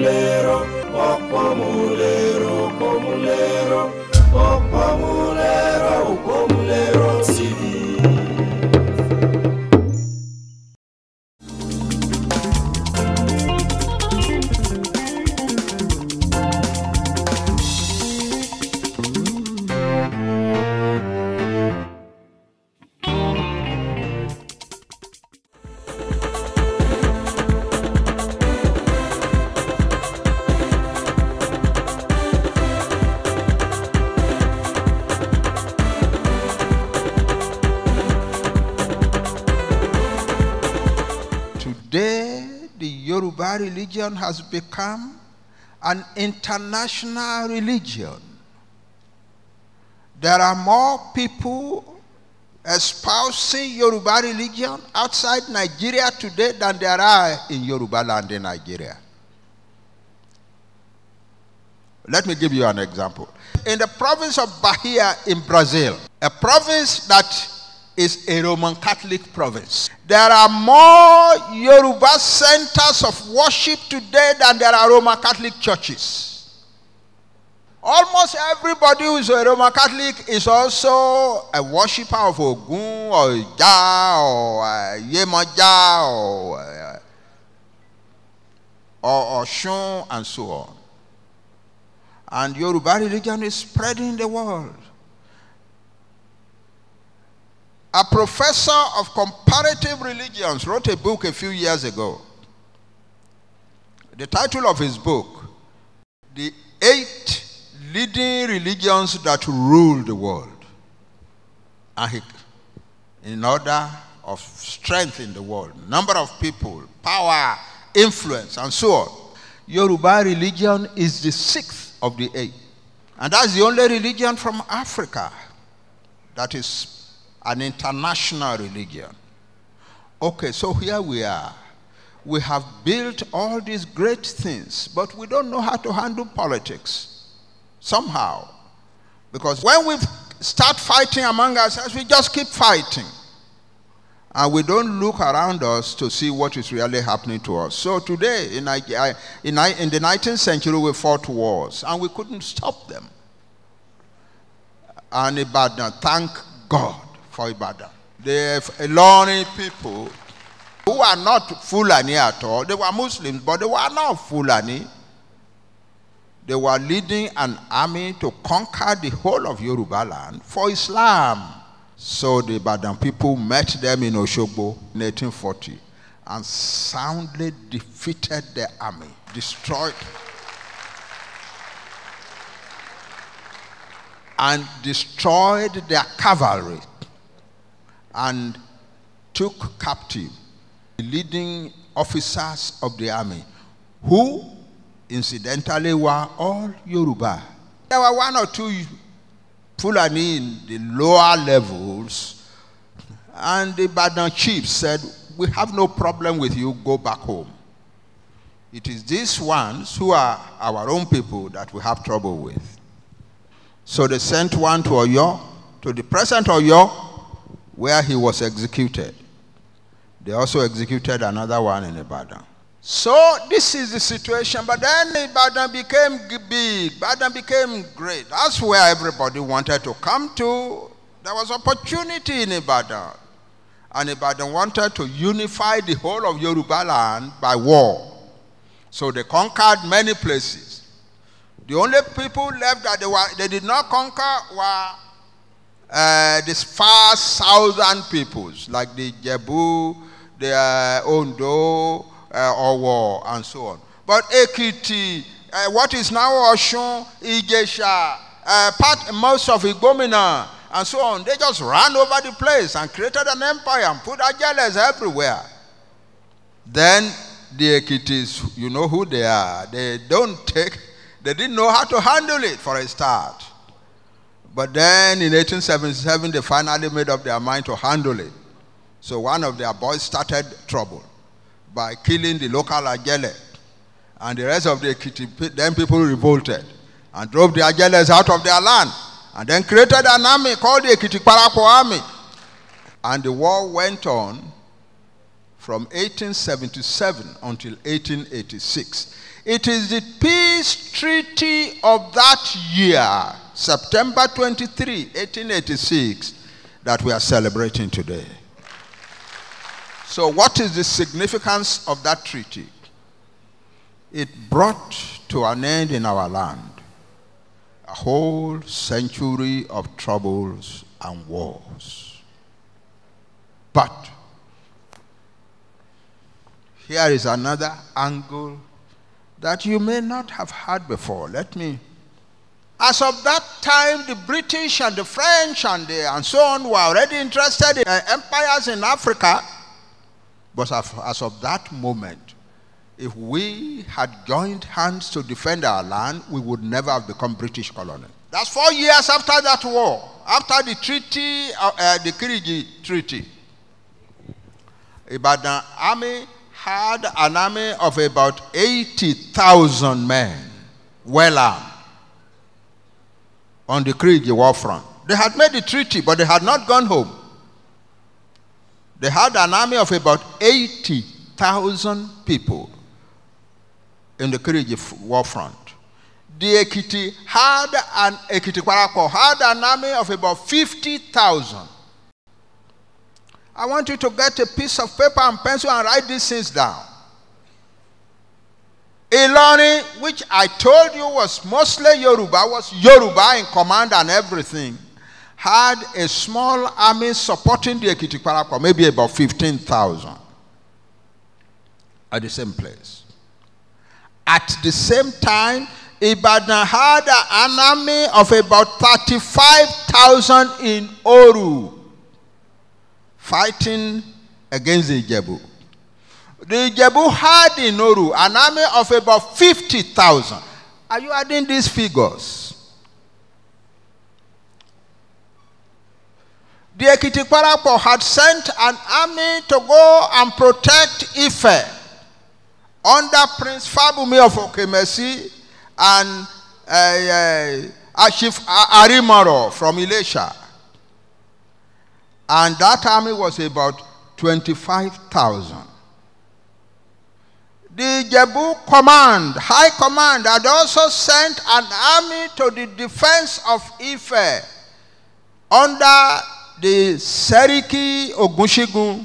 live. our religion has become an international religion. There are more people espousing Yoruba religion outside Nigeria today than there are in Yoruba land in Nigeria. Let me give you an example. In the province of Bahia in Brazil, a province that is a Roman Catholic province. There are more Yoruba centers of worship today than there are Roman Catholic churches. Almost everybody who is a Roman Catholic is also a worshipper of Ogun or Ja uh, or uh, or, or Oshun and so on. And Yoruba religion is spreading the world. A professor of comparative religions wrote a book a few years ago. The title of his book, The Eight Leading Religions That Rule the World. And he, in order of strength in the world, number of people, power, influence, and so on. Yoruba religion is the sixth of the eight. And that's the only religion from Africa that is an international religion. Okay, so here we are. We have built all these great things, but we don't know how to handle politics somehow. Because when we start fighting among ourselves, we just keep fighting. And we don't look around us to see what is really happening to us. So today, in, in, in the 19th century, we fought wars, and we couldn't stop them. And Ibadan, thank God for Ibadan. The Ilorin people who are not Fulani at all, they were Muslims, but they were not Fulani. They were leading an army to conquer the whole of Yoruba land for Islam. So the Ibadan people met them in Oshobo in 1840 and soundly defeated the army, destroyed and destroyed their cavalry, and took captive the leading officers of the army, who incidentally were all Yoruba. There were one or two Fulani in the lower levels, and the Badan chief said, We have no problem with you, go back home. It is these ones who are our own people that we have trouble with. So they sent one to Oyo, to the present Oyo, where he was executed. They also executed another one in Ibadan. So this is the situation. But then Ibadan became big. Ibadan became great. That's where everybody wanted to come to. There was opportunity in Ibadan. And Ibadan wanted to unify the whole of Yoruba land by war. So they conquered many places. The only people left that they, were, they did not conquer were uh, these far southern peoples, like the Jebu, the uh, Ondo, uh, Owo, and so on. But Ekiti, uh, what is now Oshun, Igesha, uh, part, most of Igomina, and so on, they just ran over the place and created an empire and put Ajeles everywhere. Then the Ekitis, you know who they are. They don't take, they didn't know how to handle it for a start. But then in 1877, they finally made up their mind to handle it. So one of their boys started trouble by killing the local Ajele. And the rest of the Ekiti, then people revolted and drove the Ajeles out of their land. And then created an army called the Ekitiparako army. And the war went on from 1877 until 1886. It is the peace treaty of that year September 23, 1886, that we are celebrating today. So, what is the significance of that treaty? It brought to an end in our land a whole century of troubles and wars. But here is another angle that you may not have had before. Let me as of that time, the British and the French and, the, and so on were already interested in uh, empires in Africa. But as, of that moment, if we had joined hands to defend our land, we would never have become British colony. That's four years after that war, after the treaty, uh, uh, the Kiriji Treaty. Ibadan army had an army of about 80,000 men, well armed on the Krieger war front. They had made the treaty, but they had not gone home. They had an army of about 80,000 people in the Krieger war front. The Ekiti had an Ekiti Kwarako had an army of about 50,000. I want you to get a piece of paper and pencil and write these things down. Ilorin, which I told you was mostly Yoruba, was Yoruba in command and everything, had a small army supporting the Ekiti Parakwa, maybe about fifteen thousand, at the same place. At the same time, Ibadan had an army of about thirty-five thousand in Oru fighting against the Ijebu. The Jebu had in Oru an army of about fifty thousand. Are you adding these figures? The Ekiti had sent an army to go and protect Ife under Prince Fabumi of Okemesi and uh, eh, uh, eh, Ashif Arimaro from Elisha. And that army was about twenty-five thousand. the Jebu command, high command, had also sent an army to the defense of Ife under the Seriki Ogushigun,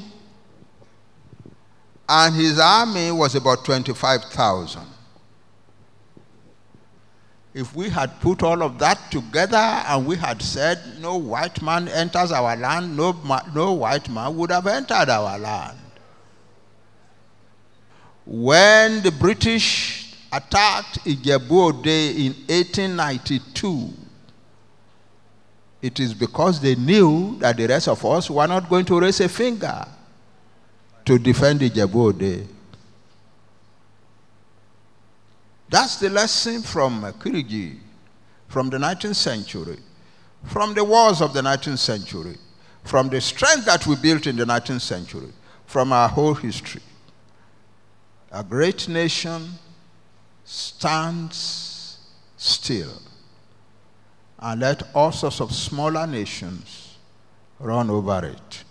and his army was about 25,000. If we had put all of that together and we had said, no white man enters our land, no, no white man would have entered our land. When the British attacked Ijebu in 1892, it is because they knew that the rest of us were not going to raise a finger to defend Ijebu That's the lesson from Kiriji, from the 19th century, from the wars of the 19th century, from the strength that we built in the 19th century, from our whole history. A great nation stands still, and let all sorts of smaller nations run over it.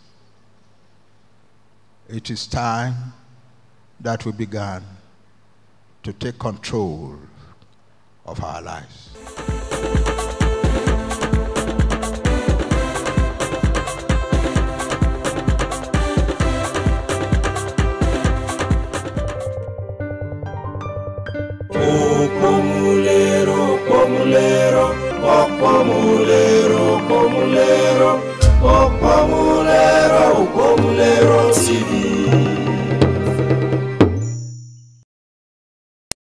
It is time that we began to take control of our lives. Pomulero, Pomulero.